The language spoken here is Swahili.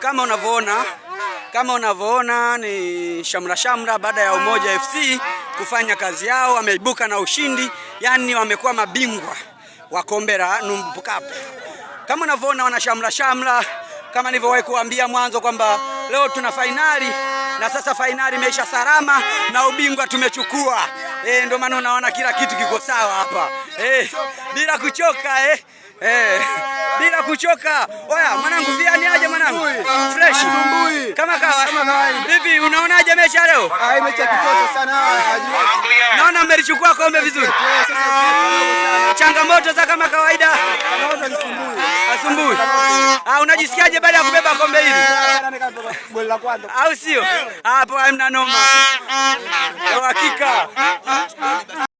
Kama unavyoona kama unavyoona ni shamra shamra baada ya Umoja FC kufanya kazi yao, wameibuka na ushindi, yani wamekuwa mabingwa wa kombe la Numbu Kama unavyoona wana shamra shamra, kama nilivyowahi kuambia mwanzo kwamba leo tuna fainali na sasa fainali imeisha salama na ubingwa tumechukua. Eh, ndio maana unaona kila kitu kiko sawa hapa eh, bila kuchoka eh. Eh, bila kuchoka. Oya mwanangu, via ni aje mwanangu, fresh Tumbui. kama kawa. Vipi, unaonaje mecha leo? Ah, mecha kitoto sana. Naona mmelichukua kombe vizuri. Changamoto za kama kawaida. Naona Asumbui. Ah, unajisikiaje baada ya kubeba kombe hili? au sio? Hapo hamna noma, hakika.